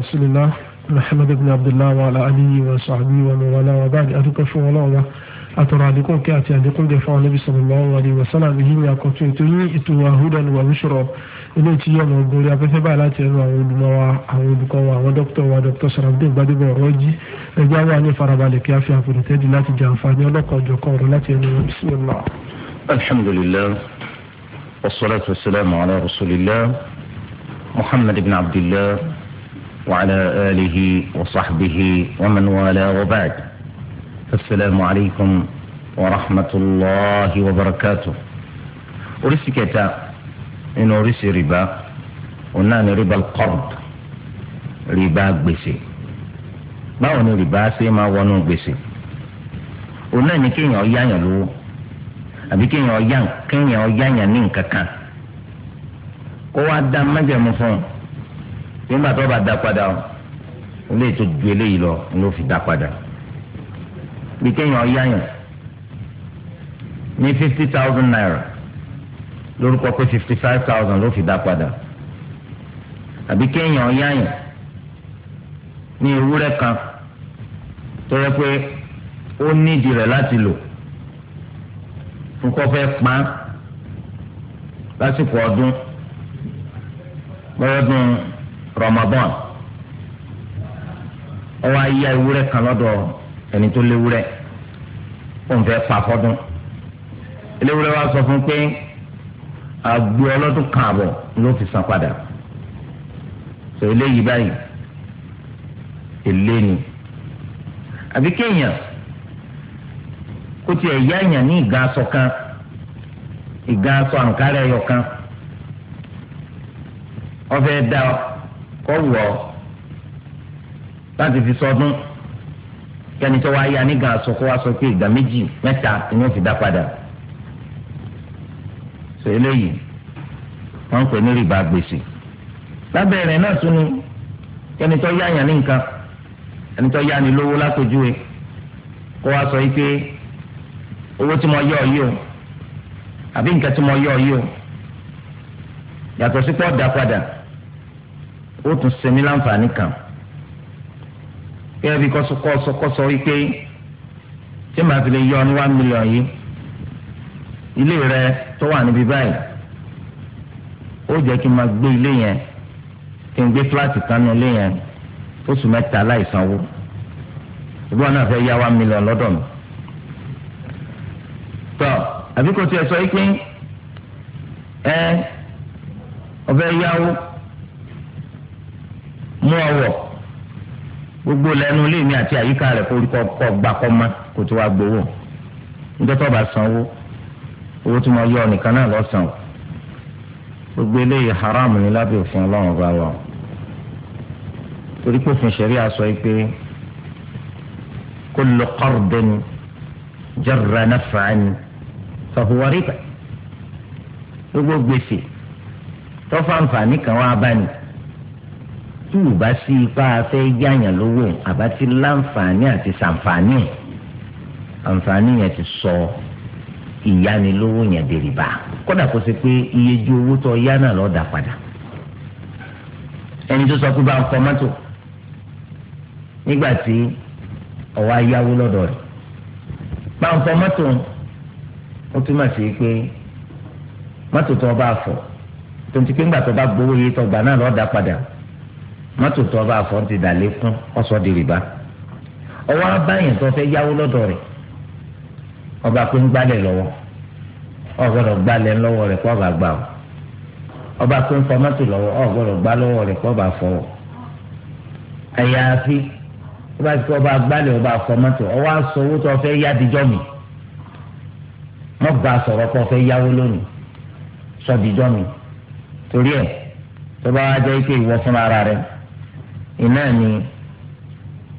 رسول الله Muhammad ibn Abdullah wa ala alihi wa sahbihi wa man wala wa ba'd adúpẹ́ fún Ọlọ́run wa atọrọ àdínkù kí àti àdínkù gẹ fún Ànábì sallallahu alaihi wa sallam yìí ni àkọtún ètò ní ètò wa hudan wa bushra ilé tí yọ ọmọ ogun orí afẹ́fẹ́ báyìí láti ẹnu àwọn olùmọ̀ wa àwọn olùkọ́ wa àwọn dókítà wa dókítà Sharafdin Gbadebo ọ̀rọ̀ jí ẹgbẹ́ wa ní farabalẹ̀ kí a fi àfòrìtẹ́jì láti jẹ àǹfààní ọlọ́kọ̀ ọ̀jọ̀kọ̀ ọ̀rọ̀ láti ẹnu wa bismillah. alhamdulillah wassalatu wassalamu ala rasulillah muhammad ibn abdillah. وعلى آله وصحبه ومن والاه وبعد السلام عليكم ورحمة الله وبركاته أرسكتا إن أرس ربا ونان ربا القرض ربا gbèsè báwo ni rìbá ṣe máa wọnú gbèsè òun náà ni kéèyàn ó yáyàn lówó àbí kéèyàn ó yáyàn ní nǹkan kan kó wá dá májẹ̀mú fún un nígbà tó bá dá padà ó lè tó ju eléyìí lọ ló fi dá padà bí kéèyàn yáyàn ní fifty thousand naira lórúkọ pé fifty five thousand ló fi dá padà àbí kéèyàn yáyàn ní ewúrẹ́ kan tó yẹ pé ó nídìí rẹ̀ láti lò nǹkan fẹ́ pa lásìkò ọdún lọ́dún Ramadan ó wá yá ewúrẹ́ kan lọ́dọ̀ ẹni tó léwúrẹ́ ó ń fẹ́ pa fọ́dún eléwúrẹ́ wa sọ fún pé agbo ọlọ́dún kan àbọ̀ ló fi san padà sọ eléyìí báyìí èlé ni àbí kéèyàn kó tiẹ̀ yá èèyàn ní ìgbà aṣọ kan ìgbà aṣọ àǹkárẹ̀ ẹyọ kan ọfẹ́ dá kọ́ wọ̀ ọ́ láti fi sọdún kẹ́ni tó wáyé anígàn aṣọ kó ìgbà méjì ni fi dá padà sọ eléyìí ń ni kẹ́ni tó yáyàn ní nǹkan tó yá ni lówó kó sọ yìí owó tí mo yọ yìí o àbí nǹkan tí mo ó tún ṣe mí láǹfààní kan gẹ́gẹ́ bí kọ́sọ́kọ́sọ wípé tí màá fi lè yọ ní one million yìí ilé rẹ tó wà níbí báyìí ó jẹ́ kí n máa gbé ilé yẹn kí n gbé fúláàtì kan ní ilé yẹn oṣù mẹ́ta láìsanwó ìbọn náà fẹ́ yá one million lọ́dọ̀ mi tọ́ àbíkọ́ tí ẹ sọ yìí pé ẹ ọ̀fẹ́ yáwó mú ọwọ́ gbogbo lẹ́nu ilé mi àti àyíká rẹ̀ kó kọ́ gbà kọ́ ma kó tó wá gbowó níjọ́ tó bá sanwó owó tí mo yọ nìkan náà lọ sàn gbogbo eléyìí haram ni lábẹ́ òfin ọlọ́run bá wà torí pé òfin ṣẹ̀rí àṣọ yìí pé kullu qardin jarra naf'an fa huwa riba gbogbo gbèsè tó kan wá bá ní tí ò bá sí ipá afẹ́ yáyàn lówó àbá ti láǹfààní àti sàǹfààní àǹfààní yẹn ti sọ ìyánilówó yẹn dèrè bá kódà kó ṣe pé iye ju owó tó yá náà lọ́ọ́ dà padà ẹni tó sọ pé bá ń fọ mọ́tò nígbà tí ọwọ́ ayáwó lọ́dọ̀ rẹ̀ bá ń fọ mọ́tò ó túmọ̀ sí pé mọ́tò tó bá fọ tó ń ti pé ńgbà tó bá gbowó iye tó gbà náà lọ́ọ́ dà padà mọ́tò tó bá fọ́ ti dà ọ̀sọ́ di rìbá ọwọ́ abáyẹn tó fẹ́ yáwó lọ́dọ̀ rẹ̀ ọba pé ń gbálẹ̀ lọ́wọ́ ọ̀gbọ́dọ̀ gbálẹ̀ lọ́wọ́ rẹ̀ ọba gbà ọ́ ọba pé ń lọwọ mọ́tò lọ́wọ́ ọ̀gbọ́dọ̀ gbá lọ́wọ́ rẹ̀ kọ́ ọba fọwọ́ àyàfi ọba ọba gbálẹ̀ ọba fọ mọ́tò ọwọ́ aṣọ owó tó fẹ́ yá dijọ́ mi sọ̀rọ̀ sọ dijọ́ mi torí ẹ̀ tó bá wá jẹ́ ike iná ni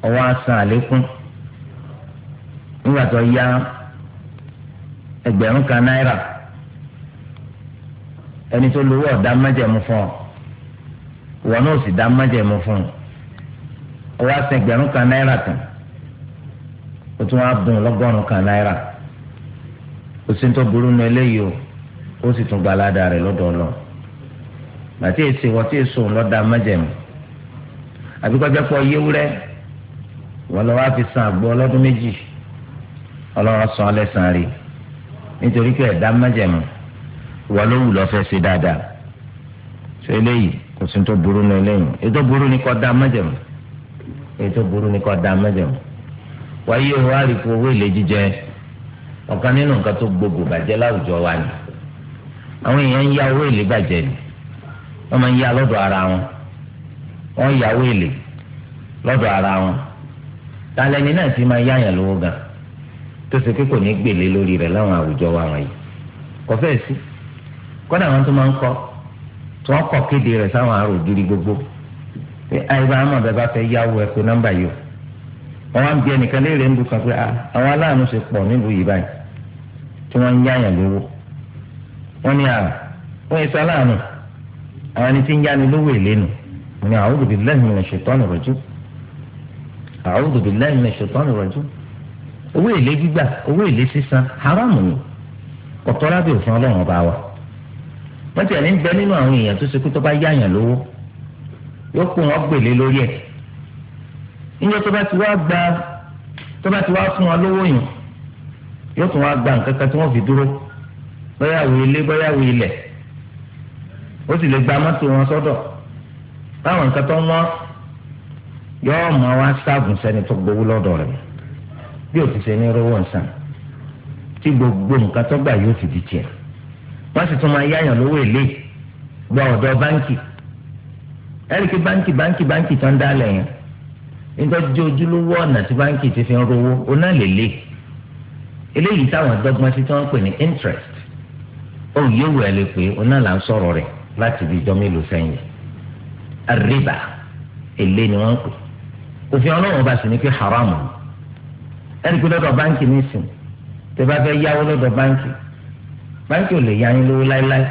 ọwọ́ asan àlékún nígbà ya yá ẹgbẹ̀rún kan náírà ẹni tó lówó ọ̀dá májẹ̀mú fún ọ ìwọ náà sì dá májẹ̀mú fún ọ ọwọ́ asan ẹgbẹ̀rún kan náírà tán o tún wá bùn lọ́gọ́rùn kan náírà o sì ń tó burú nu eléyìí o ó sì tún gba aládàá rẹ̀ èsì wọ́n tí èso àbí kọjá fọ yéwúrẹ́ wọn lọ wá fi san àgbo ọlọ́dún méjì Ọlọ́run san lẹ́san rí nítorí pé ẹ̀dá májẹ̀mú wọn ló wù lọ fẹ́ ṣe dáadáa ṣe eléyìí kò sí tó burú ní eléyìí ètò burú ni kò dá májẹ̀mú ètò burú ni kò dá májẹ̀mú wáyé o wá rí owó jíjẹ nínú nǹkan tó gbogbo bàjẹ́ láwùjọ wa ni àwọn èèyàn ń ya owó èlé bàjẹ́ ni wọ́n máa ń ya lọ́dọ̀ ara wọ́n yàwó èlé lọ́dọ̀ ara wọn talẹ́ni náà ti máa yáyàn lówó gan tó ṣe pé kò ní gbèlé lórí rẹ̀ láwọn àwùjọ wa wọ̀nyí kò sí kọ́dà wọn tó máa ń kọ́ tí kọ́ kéde rẹ̀ sáwọn àrò ògiri gbogbo pé àyíká àmọ́ bá fẹ́ yáwó ẹ nọ́mbà yìí o wọ́n á ń bí ẹnìkan léèrè ń bu pé àwọn aláàánú ṣe pọ̀ nílùú yìí mo أعوذ بالله من الشيطان الرجيم، أعوذ بالله من الشيطان الرجيم، rajim owó èlé gbígbà owó èlé sísan haramu ni ọ̀tọ́ lábẹ́ òfin ọlọ́run ọba wa wọ́n ti ẹ̀ ní bẹ nínú àwọn èèyàn tó ṣe kú tó bá yáyàn lówó yóò kó wọn gbèlé lórí ẹ̀ níjẹ́ tó bá ti wá gba tó bá ti wá fún wọn lówó yìí yóò tún wá gba nǹkan kan tí wọ́n fi dúró bóyá wo ilé bóyá wo ilẹ̀ ó sì lè gba mọ́tò wọn sọ́dọ̀. So báwọn nǹkan tó ń wọ́n yọ́ọ́ máa wá sáàgùn sẹ́ni tó gbowó lọ́dọ̀ rẹ̀ bí o ti ṣe ní rówó ǹsàn tí gbogbo nǹkan tó gbà yóò ti di tiẹ̀ wọ́n sì tún máa yáyàn lówó èlé gba ọ̀dọ̀ báńkì ẹ̀ríkì báńkì báńkì báńkì tó ń dálẹ̀ yẹn nítorí ojúlówó ọ̀nà tí báńkì ti fi ń rówó oná lè lè eléyìí táwọn dọ́gbọ́n sí tí wọ́n pè ní interest òun yóò wẹ̀ lè pé oná là ń sọ̀rọ̀ rẹ̀ láti ibi ìjọ mélòó sẹ́yìn àríbà èlé ni wọ́n ń pè òfin ọlọ́run ọba sì ní pé haram ni ẹni pé lọ́dọ̀ báńkì nísìn tẹ bá fẹ́ yáwó lọ́dọ̀ báńkì báńkì ò lè yá yín lówó láéláé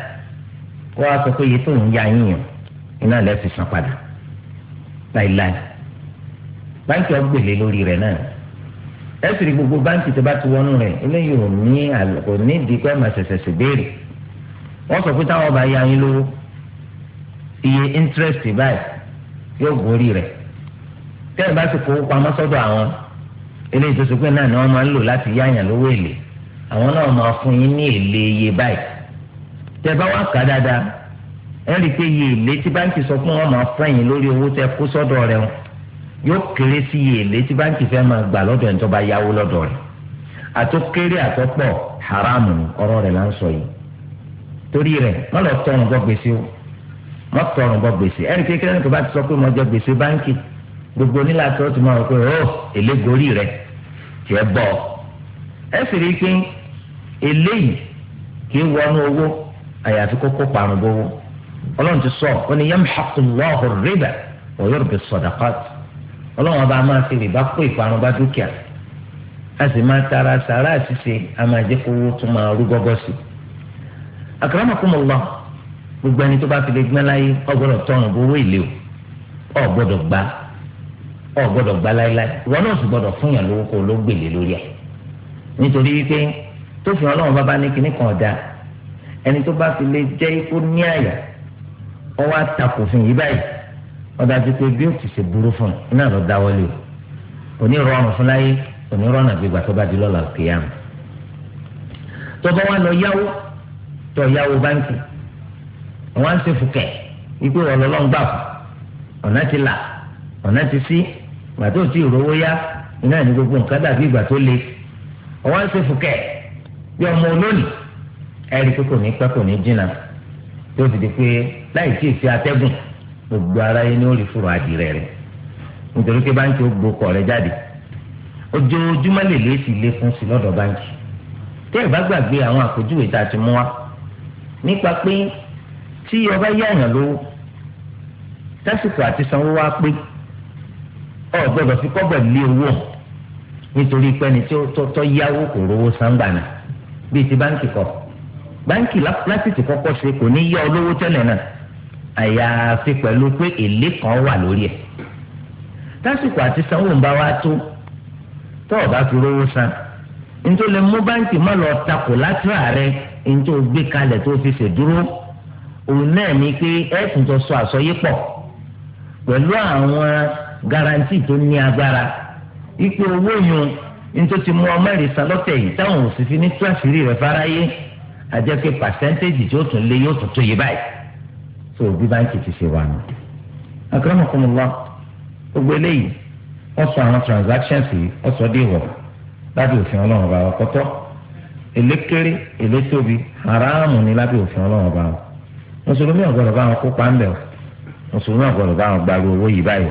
kó wá sọ pé iye tó ń yá yín yàn iná lẹ́ fi san padà láéláé báńkì ọgbèlè lórí rẹ̀ náà ẹ gbogbo báńkì tó bá ti wọnú rẹ̀ eléyìí ò ní àlọ́ kò ní ìdí pé màá ṣẹ̀ṣẹ̀ wọ́n sọ pé táwọn ọba yá lówó iye interest báyìí yóò gorí rẹ̀ tẹ́lẹ̀ bá ti kó pamọ́ sọ́dọ̀ àwọn eléyìí tó ṣe pé náà ni wọ́n máa ń lò láti yáyàn lówó èlé àwọn náà máa fún yín ní èlé iye báyìí tẹ́ bá wà ká dáadáa ẹ rí i pé iye èlé tí báńkì sọ pé máa fún yín lórí owó tẹ́ kó sọ́dọ̀ rẹ̀ wọn yóò kéré sí iye èlé tí báńkì fẹ́ máa gbà lọ́dọ̀ bá yáwó lọ́dọ̀ àtọ́pọ̀ haramu ọ̀rọ̀ rẹ̀ yìí torí rẹ̀ mọ́ tọrùn bọ gbèsè ẹnì kékeré nìkan bá ti sọ pé mo jẹ gbèsè báńkì gbogbo onílàtí ó ti máa rò pé ó èlé gorí rẹ tiẹ̀ bọ̀ ẹ sì rí i pé eléyìí kì í wọnú owó àyàfi kókó parun bówó ọlọ́run ti sọ ọ ní yamhaqullahu rìbá wa yurbi sadaqat ọlọ́run ọba máa fi rìbá kó ìparun bá dúkìá a sì máa tara sàrà àṣìṣe a máa owó tún máa rú gọ́gọ́ sí i. akramakumullah gbogbo ẹni tó bá fi lè gbọ́n láyé ọ gbọ́dọ̀ tọrùn owó ìlé o ọ gbọ́dọ̀ gbá ọ gbọ́dọ̀ gbá láéláé ìwọ náà sì gbọ́dọ̀ fún yàn lówó kó ló gbèlè lórí ẹ̀ nítorí wípé tó fi ọlọ́run bá bá ní kinní kan ọ̀dà ẹni tó bá fi lè jẹ́ ikú ní àyà ọ wá takò fún yìí báyìí ọ̀dà ti pé bí ó ti ṣe burú fún un náà lọ dáwọ́lé o òní rọrùn fún láyé òní rọrùn àgbègbà tó bá di lọ́la kéèyàn tó bá wà lọ yáwó tó yáwó báńkì wọn ń ṣe fukẹ ikú wọn lọ lọ́n gbà fún ọ̀nà ti là ọ̀nà ti sí ìgbà tó ti rówó yá iná ní gbogbo nǹkan dàbí ìgbà tó le wọn ń ṣe fukẹ bí ọmọ olónìí ẹ̀rí pé kò ní pẹ́ kò ní jìnnà tó ti di ni ó rí rẹ nítorí pé báńkì ó rẹ jáde ojoojúmọ́ lè lé sí ilé fún sí lọ́dọ̀ báńkì tẹ́ ẹ̀ bá gbàgbé àwọn àpèjúwe tá tí ọba yáyàn lówó tásìkò àti sanwó wá pé ọ gbọ́dọ̀ fi kọ́bọ̀ lé owó nítorí pé ẹni tí ó tọ́ yáwó kò rówó sangbànà bíi ti báńkì kọ báńkì lásìkò kọ́kọ́ ṣe kò ní yá olówó tẹ́lẹ̀ náà àyàfi pẹ̀lú pé èlé kan wà lórí ẹ̀ tásìkò àti sanwó ń bá wa tó tọ́ ọba fi rówó san nítorí mú báńkì má lọ takò látìrà rẹ nítorí gbé kalẹ̀ tó fi ṣèdúró òun náà ni pé ẹ tún jọ sọ àsọyé pọ̀ pẹ̀lú àwọn garanti tó ní agbára ipò owó yun nítorí ti mú ọmọ ìrìsà lọ́tẹ̀ yìí táwọn ò sì fi ní tú àṣírí rẹ̀ fáráyé àjẹ́ pé pàṣẹ́ntéèjì tí ó tún lé yóò tún tó yé báyìí tó bí báńkì ti ṣe wà nù. akramakumullah gbogbo eléyìí wọ́n sọ àwọn transactions yìí wọ́n sọ dé ìwọ̀ lábẹ́ òfin ọlọ́run ọba ọkọ́tọ́ èlé kéré èlé haramu ni lábẹ́ òfin ọlọ́run ọba ọkọ́ mùsùlùmí ọ̀gbọ́dọ̀ bá wọn kópa ńbẹ̀ o mùsùlùmí ọ̀gbọ́dọ̀ bá wọn gbàrú owó yìí báyìí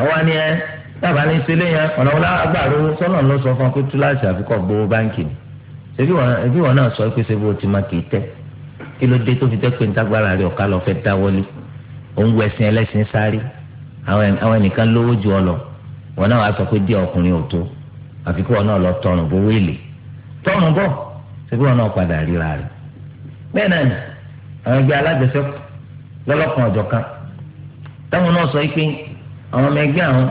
o wá ní ẹ dábàá ní sílé yẹn ọ̀nà wọn agbàrú sọ́nà ló sọ fún akútú láti àfikọ́ gbowó báńkì ni ẹbí wọn náà sọ pé ṣe bó ti máa kì í tẹ́ kí ló dé tó fi jẹ́ pé ntágbára rẹ̀ ọ̀ká lọ fẹ́ dáwọ́lé òun wọ ẹ̀sìn ẹlẹ́sìn sáré àwọn ẹnìkan lówó ju ọ lọ wọn náà wàá sọ pé díẹ̀ ọkùnrin ò tó àfikún wọn náà lọ tọrùn bó wéèlè tọrùn bọ̀ ṣé bí wọn náà padà ríra rẹ̀ bẹ́ẹ̀ náà àwọn ẹgbẹ́ alájẹsẹ́kù lọ́lọ́kan ọ̀jọ̀kan táwọn náà sọ pé àwọn ọmọ ẹgbẹ́ àwọn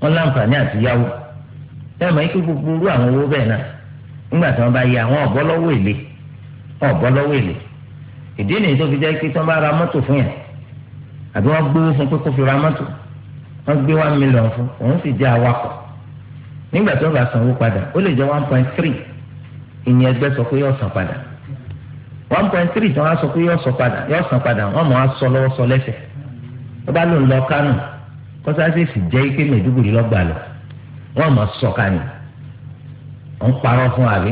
wọn láǹfààní àti yáwó táwọn ọmọ ẹgbẹ́ gbogbo rú àwọn owó bẹ́ẹ̀ náà nígbà tí wọ́n bá yẹ àwọn ọ̀bọ lọ́wọ́ èlé ọ̀bọ lọ́wọ́ èlé ìdí nìyí tó fi jẹ́ pé bá ra mọ́tò fún yẹn àbí wọ́n gbé fún pé kó fi ra mọ́tò wọ́n gbé one million fún òun sì jẹ́ awakọ̀ nígbà tí wọ́n bá one point three tí wọ́n sọ pé yọ sọ padà yọ sàn padà wọ́n mọ̀ asọ sọ lọ́wọ́ sọ lẹ́sẹ̀ wọ́n bá lóun lọ kánò kọ́sásẹ́sì jẹ́ ike mẹ́ẹ̀dúgbòrì lọ́gbà lọ sọ kánò fún àbí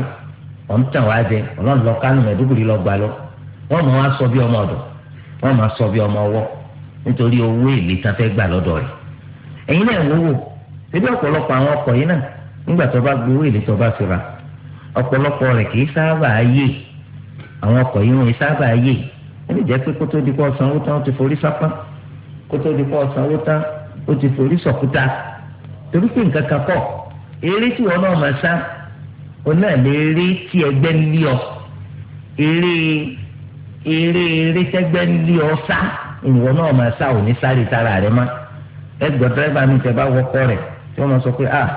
ọ̀ tàn wá jẹ ọlọ́run lọ kánò mẹ́ẹ̀dúgbòrì lọ́gbà lọ wọ́n sọ bí ọmọ bí ọmọ nítorí owó èlé àwọn ọkọ̀ yìí wọ́n sábà yè ẹni jẹ́ pé kótó di kọ́ sanwó tán ó ti forí sápá kótó di kọ́ sanwó tán ó ti forí sọ̀kúta torí pé nǹkan kan kọ̀ eré tí wọn náà máa sá ọ náà lè eré tí ẹgbẹ́ ń lé ọ eré eré eré tẹ́gbẹ́ ń lé ọ sá ìwọ náà máa sá ò sáré tara rẹ má ẹgbẹ́ dírẹ́bà mi tẹ bá wọkọ rẹ̀ tí wọ́n máa sọ pé ah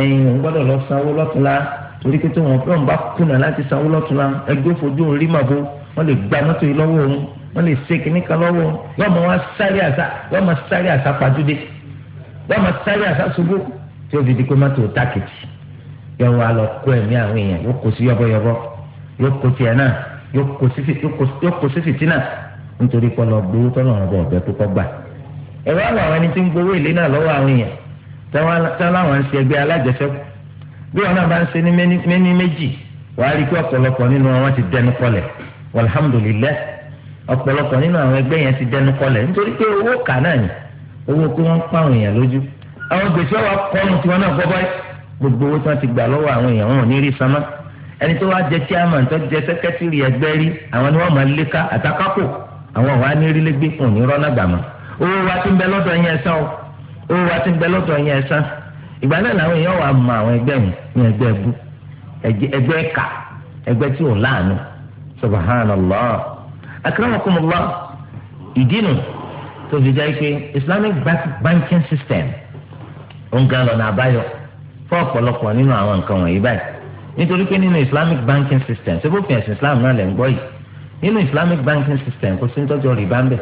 ẹ̀yin òun gbọ́dọ̀ lọ sanwó lọ́tún torí pé tí wọn fẹ́ wọn bá kùnà láti sanwó lọ́tún náà ẹgbẹ́ fojú òun rí màbo wọn lè gba mọ́tò yìí lọ́wọ́ òun wọn lè ṣe kínní kan lọ́wọ́ òun yóò mọ wọn sáré àṣà yóò mọ sáré àṣà pàdúdé mọ sáré àṣà ṣubú tí ó di pé mọ́tò tákìtì yóò wá lọ kó ẹ̀mí àwọn èèyàn yóò kó sí yọ́bọ́yọ́bọ́ yóò kó tiẹ̀ náà yóò kó sí fìtínà nítorí bí wọn náà bá ń ṣe ní méní méjì wàá rí i pé ọ̀pọ̀lọpọ̀ nínú wọn ti dẹnu kọlẹ̀ alhamdulilayi ọ̀pọ̀lọpọ̀ nínú àwọn ẹgbẹ́ yẹn ti dẹnu kọlẹ̀ nítorí pé owó kà náà ni owó pé wọ́n ń pa àwọn èèyàn lójú àwọn gbèsè wa kọ́nu tiwọn náà gbọ́ báyìí gbogbo owó tí wọ́n ti gbà lọ́wọ́ àwọn èèyàn wọn ò ní rí sanmọ́ ẹni tó wá jẹ chairman tó jẹ sẹkẹtìrì ẹgbẹ́ rí àwọn ni wọ́n máa léka àtàkàpọ̀ àwọn wa ní rí lẹ́gbẹ́ kùn ní rọ́nà gbàmọ́ owó wa ti ń bẹ lọ́dọ̀ yẹn sán ìgbà náà làwọn èèyàn wà mọ àwọn ẹgbẹ́ mi ní ẹgbẹ́ bú ẹgbẹ́ ẹ̀ka ẹgbẹ́ tí ò láàánú subhanallah akramakumullah ìdínú tó fi jẹ́ pé islamic banking system ó ń ga lọ́nà àbáyọ fún ọ̀pọ̀lọpọ̀ nínú àwọn nǹkan wọ̀nyí báyìí nítorí pé nínú islamic banking system ṣé bófin ẹ̀sìn islam náà lẹ̀ ń gbọ́ yìí nínú islamic banking system kò sí ń tọ́jú rìbá ń bẹ̀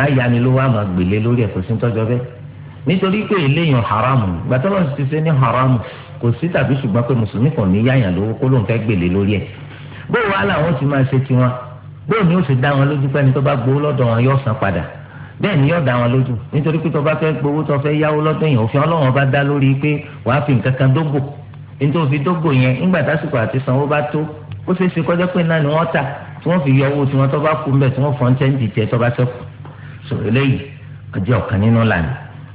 á yanilówó àmọ́ gbèlé lórí ẹ̀ kò sí ń tọ́jú bẹ́ẹ̀ nítorí pé eléyàn haramu gbàtọ́lọ́ ti ṣe ní haramu kò sí tàbí ṣùgbọ́n pé mùsùlùmí kan ní yáyàn lówó kó ló ń fẹ́ gbèlè lórí ẹ̀ bó wàá làwọn ti máa ṣe tiwọn bó ni ó sì dá wọn lójú pé ẹni tó bá gbowó lọ́dọ̀ wọn yóò san padà bẹ́ẹ̀ ni yóò dá wọn lójú nítorí pé tó bá fẹ́ gbowó tó fẹ́ yáwó lọ́dọ̀ yẹn òfin ọlọ́wọ́n bá dá lórí pé wàá fi nǹkan kan dógbò nítorí òfin dógbò yẹn ńgbà tásìkò àti sanwó bá tó ó ṣeé ṣe kọjá pé náà ni wọ́n ta tí wọ́n fi yọ owó tí wọ́n tó bá kú mbẹ̀ tí wọ́n fọ́n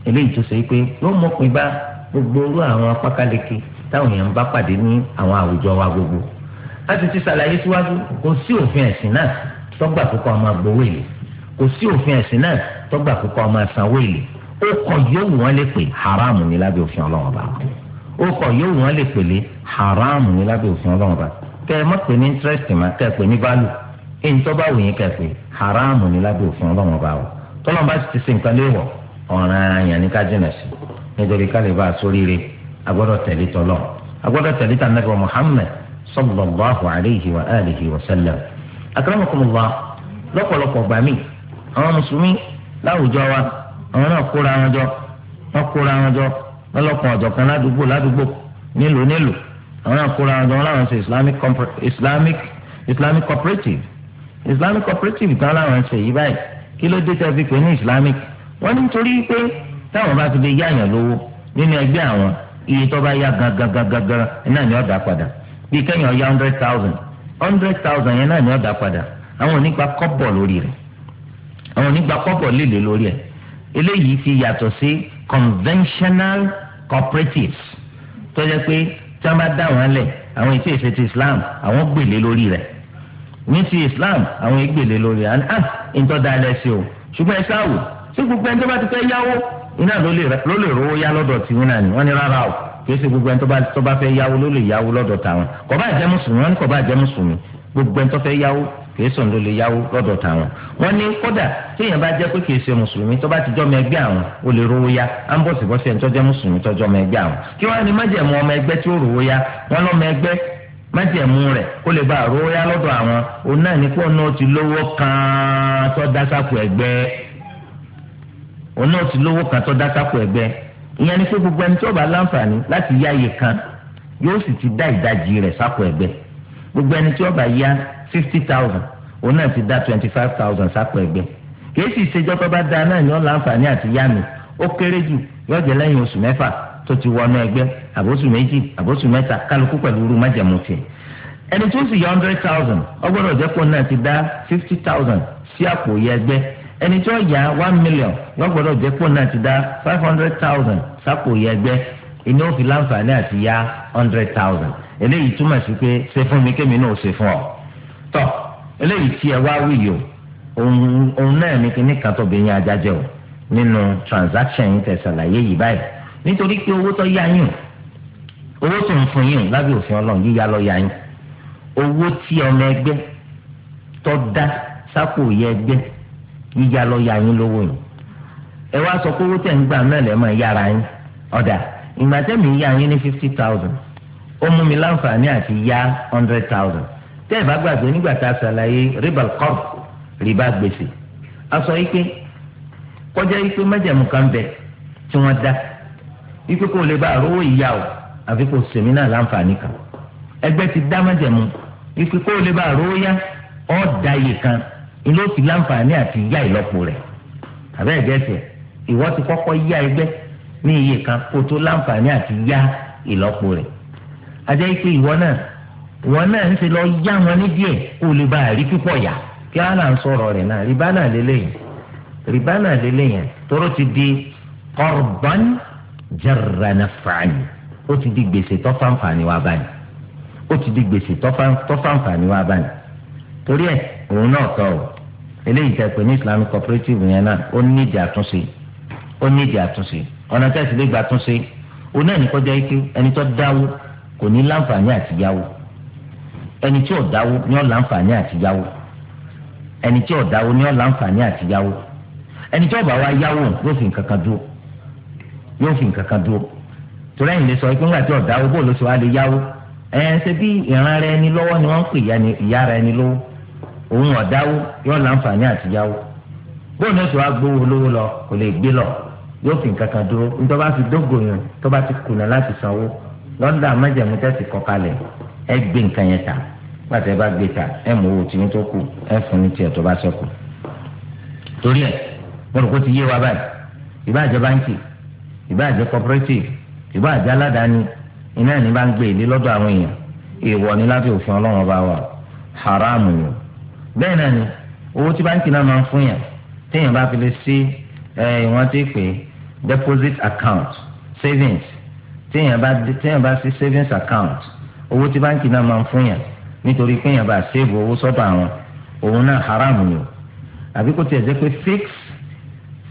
eléyìí tó ṣe pé yóò mọ̀ pé bá gbogbo orú àwọn apákáleke táwọn èèyàn bá pàdé ní àwọn àwùjọ wa gbogbo láti ti ṣàlàyé síwájú kò sí òfin ẹ̀sìn náà tọ́gbà púpọ̀ ọmọ agbowó èlé kò sí òfin ẹ̀sìn náà tọ́gbà púpọ̀ ọmọ àsanwó èlé ó kọ yóò wọ́n lè pè haramu ní lábẹ́ òfin ọlọ́run bá ó kọ yóò wọ́n lè pèlè haramu ní lábẹ́ òfin ọlọ́run bá kẹ ẹ má pè ní interest má kẹ ẹ pè ní value èyí tó bá wù yín kẹ ẹ pè haramu ní lábẹ́ òfin ọlọ́run bá o tọ́lọ́mọba ọ̀ràn àyàn ní ká jìnà sí nítorí kálíbà sóríire agbọ́dọ̀ tẹ̀lé tọ́lọ̀ agbọ́dọ̀ tẹ̀lé tànàbí Muhammad sallallahu alayhi wa alihi wa sallam. akramakumullah lọ́pọ̀lọpọ̀ gbà mí àwọn mùsùlùmí láwùjọ wa àwọn náà kóra wọn jọ wọn kóra wọn jọ lọ́lọ́kan ọ̀jọ̀kan ládùúgbò ládùúgbò nílùú nílùú àwọn náà kóra wọn jọ wọn láwọn ṣe islamic islamic islamic cooperative islamic cooperative kan láwọn ṣe yí báyìí kí ló dé tẹ́ fi pè ní islamic wọ́n ní nítorí pé táwọn bá ti fi yáyàn lówó nínú ẹgbẹ́ àwọn iye tó bá yá gangangangan náà ni ọ̀dà padà bíi kẹ́yìn ọ̀yá hundred thousand hundred thousand yẹn náà ni ọ̀dà padà àwọn onígbà kọ́bọ̀ lórí rẹ̀ àwọn onígbà kọ́bọ̀ lélè lórí ẹ̀ eléyìí ti yàtọ̀ sí conventional cooperatives tó jẹ́ pé tí wọ́n bá dá wọn lẹ̀ àwọn ètò ìfẹ́ ti Islam àwọn gbèlè lórí rẹ̀ ní ti Islam àwọn ègbèlè lórí rẹ̀ ah ìtọ́da alẹ́ sí o ṣùgbọ́n ẹ sáà ṣé gbogbo ẹni tó bá ti fẹ́ yáwó iná ló lè rówó yá lọ́dọ̀ tìwọn náà ni wọ́n ní rárá o kì í ṣe gbogbo ẹni tó bá fẹ́ yáwó ló lè yáwó lọ́dọ̀ tàwọn kò bá jẹ́ mùsùlùmí wọ́n ní kò bá jẹ́ mùsùlùmí gbogbo ẹni tó fẹ́ yáwó kì í sọ̀n ló lè yáwó lọ́dọ̀ tàwọn wọ́n ní kódà téèyàn bá jẹ́ pé kì í ṣe mùsùlùmí tó bá ti jọ́ ọmọ ẹgbẹ́ àwọn ó lè rówó yá á ń bọ̀ sí bọ́sẹ̀ tó jẹ́ mùsùlùmí tó jọ́ ẹgbẹ́ àwọn kí wọ́n ní májẹ̀mú ọmọ ẹgbẹ́ tí ó rówó yá wọ́n lọ́mọ ẹgbẹ́ májẹ̀mú rẹ̀ kó lè bá àrówó yá lọ́dọ̀ àwọn òun náà ní kó náà ti lówó kan tó dá sápò ẹgbẹ́ òun náà ti lówó kan tó dá sápò ẹgbẹ́ ìyẹn ni pé gbogbo ẹni tó bá láǹfààní láti yá iye kan yóò sì ti dá ìdajì rẹ̀ sápò ẹgbẹ́ gbogbo ẹni tó bá yá fifty thousand òun náà ti dá twenty five thousand sápò ẹgbẹ́ kì bá da náà ni ó láǹfààní àti yá mi ó kéré jù yóò jẹ́ oṣù mẹ́fà tó ti wọnú ẹgbẹ́ àbóṣù méjì àbóṣù kálukú irú ẹni tí wọ́n yá one million wọ́n gbọ́dọ̀ jẹ́ pọ̀ náà ti dá five hundred thousand sápò yẹ gbẹ́ ìní òfin láǹfààní àti yá hundred thousand eléyìí túmọ̀ sí pé ṣe fún mi kémi náà ṣe fún ọ tọ eléyìí tí ẹ wá wí yìí o òun náà ní kíní kan tó bẹ̀yìn ajájẹ́ o nínú transaction yìí tẹ̀ ṣàlàyé yìí báyìí nítorí pé owó tó yá yín o owó tó ń fún yín o lábẹ́ òfin ọlọ́run yíyá lọ yá yín owó tí ọmọ ẹgbẹ́ tó dá sápò yẹ ẹgbẹ́ yíyá lọ yá yín lówó yìí ẹ wá sọ pé owó tẹ̀ ń gbà náà lẹ́ẹ̀ máa yára yín ọ̀dà ìgbà tẹ̀mí yá yín ní fifty thousand ó mú mi láǹfààní àti yá hundred thousand tẹ́ ẹ bá gbàgbé nígbà tá a ṣàlàyé ribal qard ribal gbèsè a sọ yìí pé kọjá yìí pé májẹ̀mú kan bẹ̀ tí wọ́n dá yìí pé kò lè bá àrówó ìyá o àfi kò sèmi náà láǹfààní kan ẹgbẹ́ ti dá májẹ̀mú yìí pé kò lè bá àrówó yá ọ̀ọ́dà yìí kan ilé òfin láǹfààní àti yá ìlọ́po rẹ̀ àbẹ́ ẹ̀gẹ́sẹ̀ ìwọ ti kọ́kọ́ yá ẹgbẹ́ ní iye kan kó tó láǹfààní àti yá ìlọ́po rẹ̀ ajẹ́ pé ìwọ náà wọn náà ń ṣe lọ yá wọn ní díẹ̀ kó lè bá àrí púpọ̀ yá kí á là ń sọ̀rọ̀ rẹ̀ náà rìbá náà lélẹ́yìn rìbá náà lélẹ́yìn tóró ti di qurban jarra ó ti di gbèsè tó òun náà kọ o eléyìí tẹ pé ní islamic cooperative yẹn náà ó ní ìdí àtúnṣe ó ní ìdí àtúnṣe ọ̀nà tẹ̀sí lè gba àtúnṣe òun náà ní kọjá ike ẹni tó dáwó kò ní láǹfààní àti ẹni tí ò dáwó ní ọ̀ láǹfààní ẹni tí ò dáwó ní ọ̀ láǹfààní fi nǹkan kan dúró yóò fi nǹkan kan dúró torí sọ pé tí dáwó bóòlù sọ wá lè yáwó ẹ̀ ṣe bí ìran ẹni lọ́wọ́ ni wọ́n ń pè ìyá òun ọ̀dáwó yóò láǹfààní àtìyáwó bóun náà sọ wá gbówó lówó lọ kò lè gbé lọ yóò fi nǹkan kan dúró nítorí bá fi dógò yàn tó bá ti kùnà láti sanwó lọ́dọ̀ àmájẹ̀mú tẹ̀sí kọkalẹ̀ ẹ gbé nǹkan yẹn ta pàtẹ́ bá gbé ta ẹ mú owó tiwọn tó kù ẹ fún ní tiẹ̀ tó bá sẹ́kù. torí ẹ mo rò ti yé wa báyìí ìbá àjẹ báńkì ìbá àjẹ cooperative ìbá àjẹ aládàáni iná ní bá ń gbé ilé lọ́dọ̀ àwọn èèyàn èèwọ̀ ni láti òfin ọlọ́run bá wà haramu yìí bẹ́ẹ̀ náà ni owó tí báńkì náà máa ń fún yàn téèyàn bá fi lè sí ìwọ́n ti pè deposit account savings téèyàn bá téèyàn bá sí savings account owó tí báńkì náà máa ń fún yàn nítorí pé yàn bá save owó sọ́dọ̀ àwọn òun náà haram ni o àbí kò tiẹ̀ jẹ́ pé fixed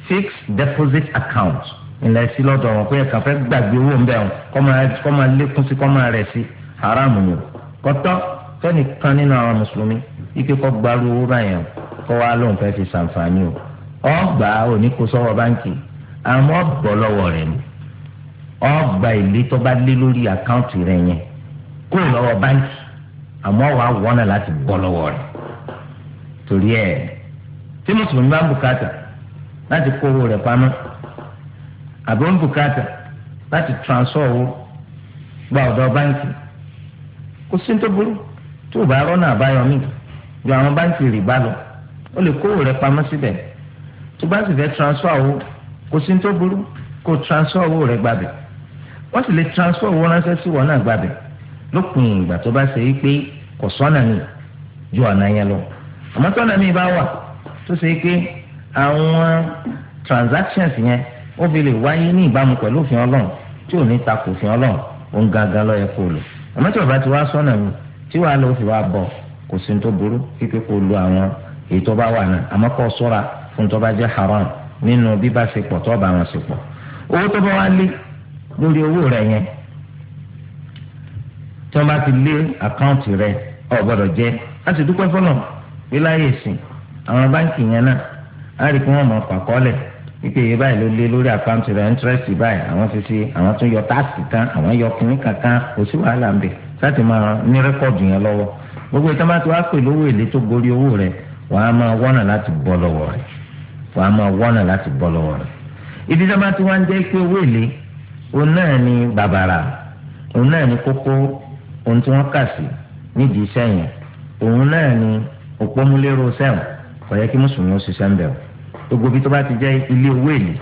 fixed deposit account ilẹ̀ sí lọ́dọ̀ wọn pé ẹ̀ka fẹ́ gbàgbé owó ń bẹ̀ wọn kọ́ máa lékún sí kọ́ máa rẹ̀ sí haram ni o kọ́tọ́ fẹ́nìkan nínú àwọn mùsùlùmí ike kọ́ gbaru owó báyẹn kọ́ wa lóun fẹ́ fi ṣàǹfààní o ọgbà òní kò sọ́wọ́ báńkì àmọ́ bọ́ lọ́wọ́ rẹ̀ ni ọgbà èlé tó bá lé lórí àkáǹtì rẹ̀ yẹn kó lọ́wọ́ báńkì àmọ́ wà á wọ́nà láti bọ́ lọ́wọ́ rẹ̀ torí ẹ̀ tí mùsùlùmí bá ń bùkátà láti kó owó rẹ̀ pamọ́ àbí ń bùkátà láti transfer owó gba ọ̀dọ̀ báńkì kò sí ní tó burú tí ò bá rọ́nà àbáyọ mi ju àwọn báńkì rìbá lọ ó lè kówó rẹ pamọ́ síbẹ̀ tó bá sì fẹ́ transfer owó kò sí tó burú kó transfer owó rẹ gbàbẹ̀ wọ́n sì lè transfer owó ránṣẹ́ sí wọn náà gbàbẹ̀ lópin ìgbà tó bá ṣe é pé kò sọ́nà mi ju ọ̀nà yẹn lọ àmọ́ sọ́nà mi bá wà tó ṣe pé àwọn transactions yẹn ó fi lè wáyé ní ìbámu pẹ̀lú òfin ọlọ́run tí ò ní takò òfin ọlọ́run òun gangan lọ́ọ́ kó lò àmọ́ tí bàbá ti wá sọ́nà mi tí wàá lọ fi wá bọ̀ kò sí tó burú kíkẹ kó lu àwọn èyí tó bá wà náà àmọ́ kó ṣọ́ra fún tó bá jẹ́ haram nínú bíbá ṣe pọ̀ tó bá wọn ṣe pọ̀ owó tó bá wá lé lórí owó rẹ̀ yẹn tí wọ́n bá ti lé àkáǹtì rẹ̀ ò gbọ́dọ̀ jẹ láti dúpẹ́ fọlọ pé láyè sìn àwọn báǹkì yẹn náà á rí i wọ́n mọ pàkọọlẹ wípé iye báyìí ló lé lórí àkáǹtì rẹ̀ íńtírẹsì báyìí àwọn fi ṣe àwọn tún yọ táàsì kan àwọn yọ kìnnìkan kan kò sí wàhálà ń bẹ láti máa ní rẹ́kọ̀dù yẹn lọ́wọ́ gbogbo ìtàn bá ti wá pè lówó èlé tó gorí owó rẹ̀ wàá máa wọ́nà láti bọ́ lọ́wọ́ rẹ̀ wàá máa wọ́nà láti bọ́ lọ́wọ́ rẹ̀ ibi tí a máa ti wá ń jẹ́ pé owó èlé òun náà ni bàbàrà òun náà ni kókó ohun tí wọ́n kà sí nídìí iṣẹ́ yẹn òun náà ni òpómúlérò sẹ́wọ̀n kò yẹ kí mùsùlùmí ó ṣiṣẹ́ ń bẹ̀ o gbogbo ibi tó bá ti jẹ́ ilé owó èlé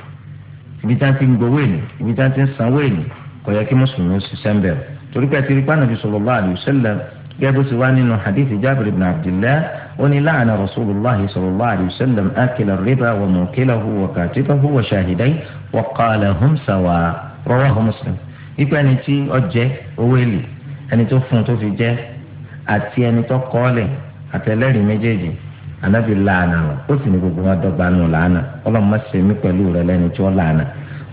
ibi tí wọ́n ti gbowó èlé ibi tí wọ́n ti sanwó èlé kò kí mùsùlùmí ó ṣiṣẹ́ ń bẹ̀ torí pé tìrìpá nàbí sallallahu alayhi wa sallam gẹ́gẹ́ bó ti wá nínú hadith Jabir ibn Abdullah ó ní láàánú rasulillah sallallahu alayhi wa sallam akila riba wa mukilahu wa katibahu wa shahidai wa qala hum sawa rawahu Muslim ipe ẹni tí ó jẹ owó èlé ẹni tó fún tó fi jẹ àti ẹni tó kọ́ọ̀lẹ̀ àtẹlẹ́rìí méjèèjì anabi laana o ó sì ní gbogbo wọn dọ́gba nù laana ọlọ́mọ ṣe mí pẹ̀lú rẹ lẹ́ni tí ó laana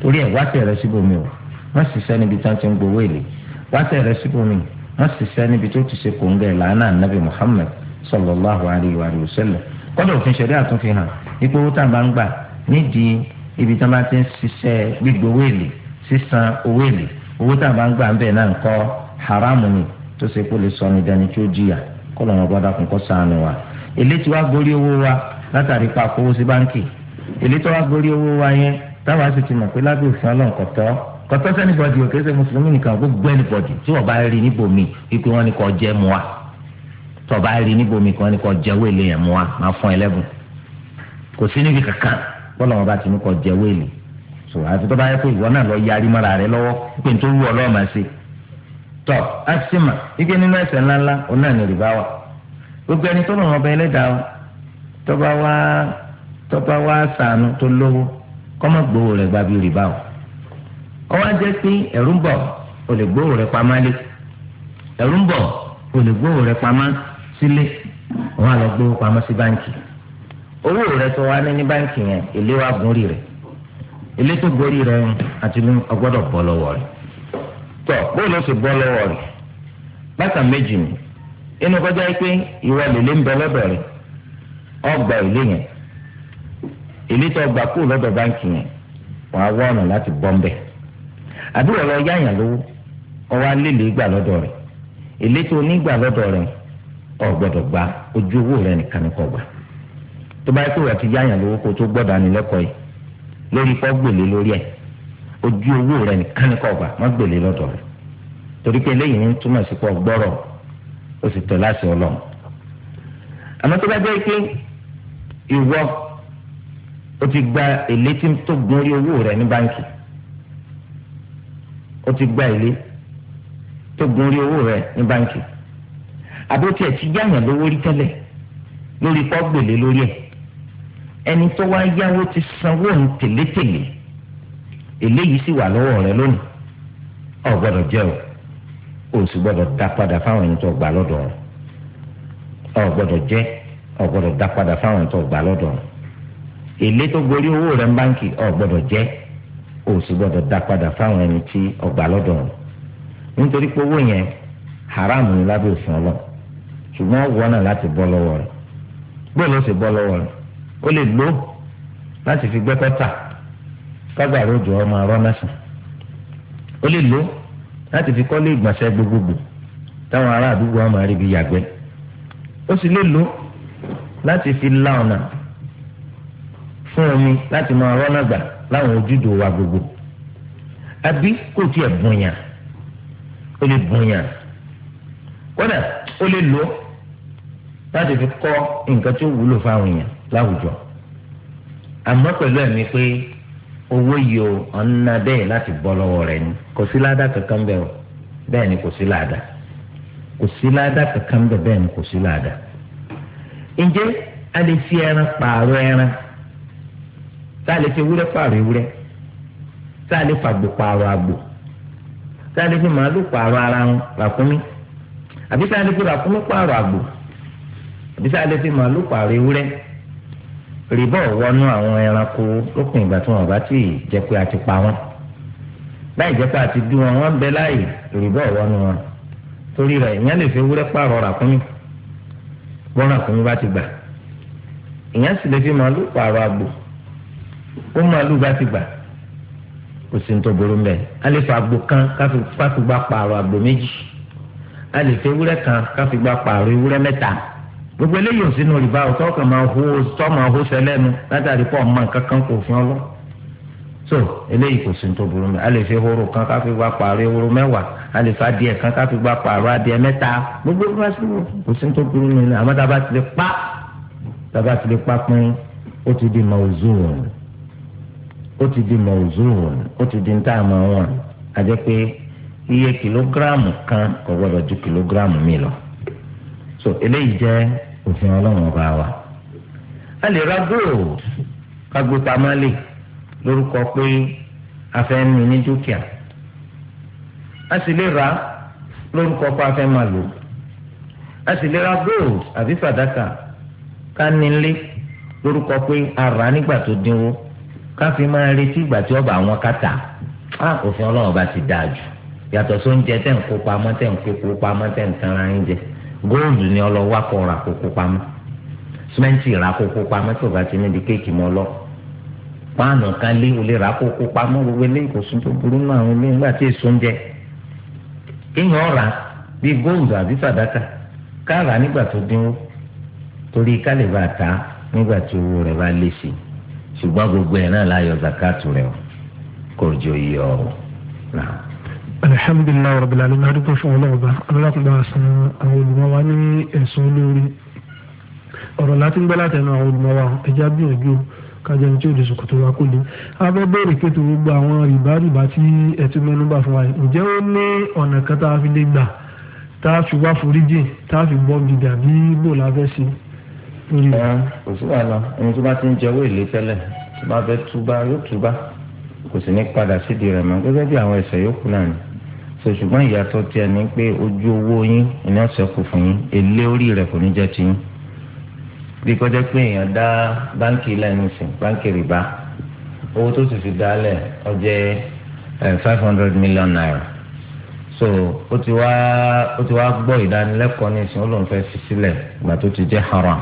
torí ẹ̀ wá tẹ̀rẹ̀ síbòmí o wọ́n sì sẹ́ni bí tí wọ́n ti ń gbowó èlé wáṣẹ rẹ síbòmí wọn sì ṣe níbi tó ti ṣe kòńgẹ́ ìlànà muhammed Muhammad sallallahu alayhi wa sallam kọ́dà òfin ṣẹ̀dá fi hàn ipò owó tá a bá ń gbà nídìí ibi tí wọ́n ti ń ṣiṣẹ́ gbígbówó èlé sísan owó èlé owó tá a bá ń gbà ń bẹ̀ náà ń kọ́ haramu ni tó ṣe kó látàrí pa kówó sí báńkì èlé tí wàá yẹn táwa sì ti mọ̀ kọtọ sẹni bọdì o kẹsẹ mùsùlùmí nìkan gbogbo ẹni bọdì tí wọn bá rí níbòmí ikú wọn ni kò jẹ mu wa tí wọn bá rí níbòmí kò wọn ni kò jẹ wéèlì yẹn mu wa máa fún ẹlẹ́bùn kò sí níbi kankan bọ́lá wọn bá ti ní kò jẹ wéèlì so àti tó bá yẹ kó ìwọ náà lọ yarí mọ́ra rẹ lọ́wọ́ pé n tó wú ọlọ́ọ̀ máa ṣe tọ́ asima ike nínú ẹsẹ̀ ńláńlá òun náà ní rìbá wa gbogbo ẹni tó lọ́ wọn bẹ ẹlẹ́dàá wa tọ́ba wa tọ́ba wa sànù tó lówó kọ́mọ́ gbowó rẹ̀ gbàbí rìbá wa ọwọ́ jẹ́ pé ẹ̀rú ń bọ̀ o lè gbówó rẹ pamọ́ lé ẹ̀rú ń bọ̀ o lè gbówó rẹ pamọ́ sílé wọ́n á lọ gbówó pamọ́ sí báǹkì owó rẹ tó wá ní ní báǹkì yẹn èlé wa gòrí rẹ èlé tó gòrí rẹ àti ní ọgbọ́dọ̀ bọ́ lọ́wọ́ rẹ tọ́ bóyá ló sì bọ́ lọ́wọ́ rẹ bàtà méjì ni inú kọjá pé ìwọ lè ń bẹ lọ́dọ̀ rẹ ọgbà èlé yẹn èlé tó gbà kú lọ́dọ̀ báǹkì yẹn wàá wọ́ọ̀nù láti bọ́ ń bẹ́ẹ̀ àbí ọ̀rọ̀ yáyàn lówó ọwọ́ alẹ́lẹ́ gbà lọ́dọ̀ rẹ̀ èlé tó onígbà lọ́dọ̀ rẹ̀ ọ̀ gbọ́dọ̀ gba ojú owó rẹ̀ nìkan ní kọ̀gbà tó bá tó rẹ̀ ti yáyàn lówó kó tó gbọ́dọ̀ ànilẹ́kọ̀ọ́ yìí lórí kọ́ gbèlè lórí ẹ̀ ojú owó rẹ̀ nìkan ní kọ̀gbà má gbèlè lọ́dọ̀ rẹ̀ torí pé eléyìí ní túmọ̀ sí pọ̀ gbọ́rọ̀ ó sì tọ́ láti ọlọ́run àmọ́ tó bá jẹ́ pé ìwọ o ti gba èlé tó gun owó rẹ̀ ní báńkì ó ti gba ilé tó gun orí owó rẹ̀ ní báńkì àbí ó tiẹ̀ ti yáyàn lówó rí tẹ́lẹ̀ lórí pọ́gbèlé lórí ẹ̀ ẹni tó wá yáwó ti sanwó ń tèlétèlé eléyìí sì wà lọ́wọ́ rẹ̀ lónìí ọ̀ gbọ́dọ̀ jẹ́ o o sì gbọ́dọ̀ dá padà fáwọn ẹni tó gbà lọ́dọ̀ rẹ̀ ọ̀ gbọ́dọ̀ jẹ́ ọ̀ gbọ́dọ̀ dá padà fáwọn ẹni tó gbà lọ́dọ̀ rẹ̀ èlé tó gorí owó rẹ̀ ń báńkì ọ̀ gbọ́dọ̀ jẹ́ o sì gbọ́dọ̀ dá padà fáwọn ẹni tí ọgbà lọ́dọ̀ wọn nítorí pé owó yẹn haram ni lábẹ́ òfin ọlọ ṣùgbọ́n wọ́n náà láti bọ́ lọ́wọ́ rẹ̀ bóyá ló ṣe bọ́ lọ́wọ́ rẹ̀ ó lè fi gbẹ́kọ́tà kágbàrú òjò ọmọ mẹ́sàn ó lè lo láti fi kọ́lé ìgbọ̀nsẹ̀ gbogbogbò táwọn ará àdúgbò ọmọ rẹ̀ bí yàgbẹ́ ó sì lè lo láti fi la ọ̀nà fún omi láti máa rọ́nà láwọn ojúdo wa gbogbo àbí kò tiẹ̀ bùnyàn ó lè bùnyàn kódà ó lè lò láti fi kọ́ nǹkan tó wúlò fáwọn èèyàn láwùjọ àmọ́ pẹ̀lú ẹ̀mí pé owó yìí o ọ̀nà bẹ́ẹ̀ láti bọ́ lọ́wọ́ rẹ̀ ni kò sí ládàá kankan bẹ́ẹ̀ o bẹ́ẹ̀ ni kò sí ládàá kò sí ládàá kankan bẹ́ẹ̀ ni kò sí ládàá ǹjẹ́ a lè fi ẹran pààrọ̀ ẹran tá a lè fi ewúrẹ́ pààrọ̀ ewúrẹ́ tá a lè fàgbò pààrọ̀ àgbò tá a lè fi màálù pààrọ̀ ara wọn ràkúnmí àbí tá a lè fi ràkúnmí pààrọ̀ àgbò àbí tá a lè fi màálù pààrọ̀ ewúrẹ́ rìbọ̀ wọnú àwọn ẹranko lópin ìgbà tí wọn bá ti jẹ́ pé a ti pa wọn láì jẹ́ pé a ti dún wọn wọn bẹ láàyè rìbọ̀ wọnú wọn torí rẹ̀ ìyẹn lè fi ewúrẹ́ pààrọ̀ ràkúnmí bọ́n ràkúnmí bá ti gbà ìyẹn sì lè fi màálù pààrọ̀ àgbò ó màálù bá ti gbà kò sí ní tó burú mbẹ alẹ́ fi àgbo kan káfi gba pààrọ̀ àgbo méjì alẹ́ fi ewúrẹ́ kan káfi gba pààrọ̀ ewúrẹ́ mẹ́ta gbogbo eléyìí ò sínú rìbá o tọ́ kàn máa hó tọ́ máa hó sẹlẹ́nu látàrí pọ̀ mọ́ nǹkan kan kò fi ọlọ́ so eléyìí kò sí ní tó burú mbẹ alẹ́ fi ehoro kan káfi gba pààrọ̀ ehoro mẹ́wàá alẹ́ fi adìẹ kan káfi gba pààrọ̀ adìẹ mẹ́ta gbogbo ebi sí ó ti di mọ̀ọ́zùn ó ti di níta àmọ́ wọn a jẹ́ pé iye kìlógíráàmù kan kò ju kìlógíráàmù mi lọ so eléyìí jẹ́ òfin ọlọ́run ọba wa a lè ra gold kágbó pamọ́lé lórúkọ pé a fẹ́ ní ní dúkìá a sì lè ra lórúkọ pé a fẹ́ máa lò a sì lè ra gold àbí fàdákà ká káfí máa retí ìgbà tí ọba àwọn kàtà á òfin ọlọ́run ọba ti dáa jù yàtọ̀ sóúnjẹ tẹ̀ ń kó pamọ́ tẹ̀ ń kó pamọ́ tẹ̀ ń ni ọlọ́wọ́ akọ ra kókó pamọ́ símẹ́ǹtì ra kókó pamọ́ tó bá ti níbi kéèkì mọ́ lọ. páànù kan lé olè ra kókó pamọ́ gbogbo eléyìí kò sún tó burú nínú àwọn nígbà tí èso ń jẹ. kéèyàn bíi góòlù àbí ta nígbà ṣùgbọ́n gbogbo ẹ̀ náà láyọ̀ zakatu rẹ̀ o kò jọ iye ọ̀rọ̀ náà. alihamdulilayi rabil alamin adigun fún ọlọ́ọ̀ba ọlọ́kùnrin bá a san àwọn olùmọ̀ wa ní ẹ̀sùn olórí ọ̀rọ̀ láti ń gbẹ́ látẹnu àwọn olùmọ̀ wa ẹja gbìyànjú kájọ ní tí òde sòkòtò wa kò lé abẹ́ bèrè gbogbo àwọn rìbá rìbá tí ẹ̀tún mẹ́nubà fún wa ǹjẹ́ ó ní ọ̀nà kan tá a fi lè gbà tá a fi foríjì tá a fi bọ́ bìdà bò láfẹ́ sí i. Mm. kò sí wàhálà ẹni tó bá ti ń jẹ owó èlé tẹ́lẹ̀ tó bá fẹ́ túbá yóò túbá kò sì ní padà sídìí rẹ̀ mọ́ gẹ́gẹ́ bí àwọn ẹ̀ṣẹ̀ yòókù náà ni so ṣùgbọ́n ìyàtọ̀ tí a ní pé ojú owó yín iná ṣẹ́kù fún yín èlé orí rẹ̀ kò ní jẹ́ ti yín bí kọjá pé èèyàn dá báńkì lẹ́nu sìn báńkì rìbá owó tó sì fi dálẹ̀ ó jẹ́ five hundred million naira so ó ti wá ó ti wá gbọ́ ìdánilẹ́kọ̀ọ́ ní ìsìn ó lóun fẹ́ fi sílẹ̀ ìgbà tó ti jẹ́ haram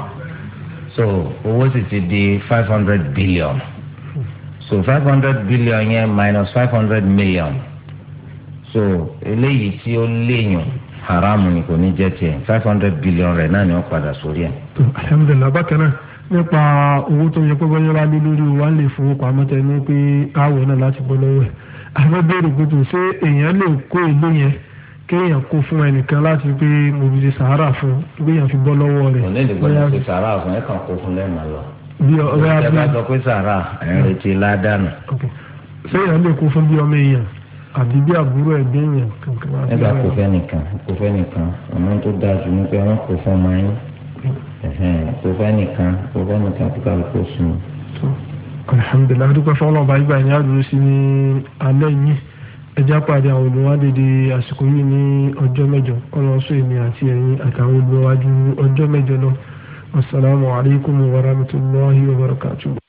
so owó sì ti di five hundred billion so five hundred billion yẹn minus five hundred million so eléyìí tí ó léyìn haramu ni kò ní jẹ tiẹ̀ five hundred billion rẹ̀ náà ni ó padà sórí ẹ̀. alhamdulilayi bákan náà nípa owó tó yẹ pẹ́pẹ́ yẹra lé lórí wa lè fowópamọ́ tẹnu pé káwọ̀ náà láti bọ́ lọ́wọ́ ẹ̀ àwọn béèrè gbogbo ṣé èèyàn lè kó èlé yẹn kéèyàn kó fún ẹnìkan láti pé mo Sahara ṣe sàárà fún gbéyàn fi bọ́ lọ́wọ́ rẹ̀. kò ní ìdìbò ṣe sàárà fún ẹ kàn kó fún lẹ́nu lọ. bí ọ̀rẹ́ abúlé ìjọba sọ pé sàárà ẹ̀ ń retí ládàánù. sẹ́yìn lè kó fún bí ọmọ èèyàn àbí bí àbúrò ẹgbẹ́ èèyàn kankan. ẹgbà kò fẹ́ nìkan kò fẹ́ nìkan àmọ́ tó dáa jù ní pé wọ́n kò fọ́ ọmọ yín hmm. kò fẹ́ nìkan kò fẹ́ nìkan kó kàwé kó sùn. alhamdulilayi adúgbò fọlọ́ọ̀bá ibà ni ẹjá pàdé àwọn olùwádìí àsìkò yìí ní ọjọ́ mẹ́jọ kọ́lọ́sọ èmi àti ẹ̀yin àtàwọn olùwájú ọjọ́ mẹ́jọ náà wasalaamualeykum wa rahmatulahi wa barakatuh.